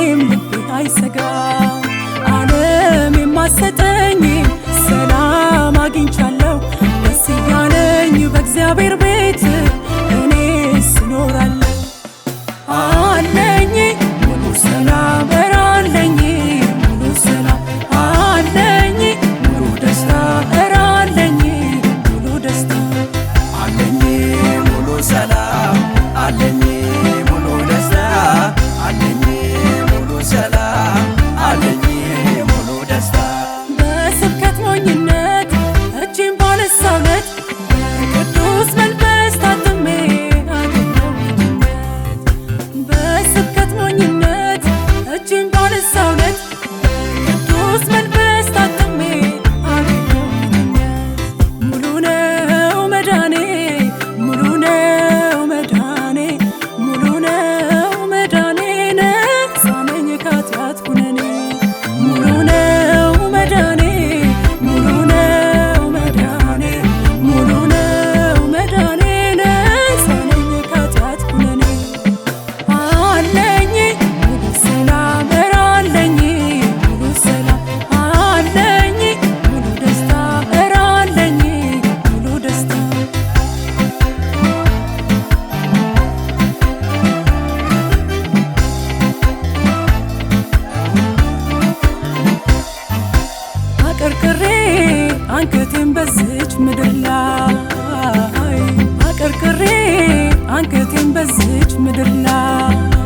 መቼም ልቤ አይሰጋ ሰላም አለኝ አንገቴን በዝች ምድር ላይ አቀርቅሬ አንገቴን በዝች ምድር ላይ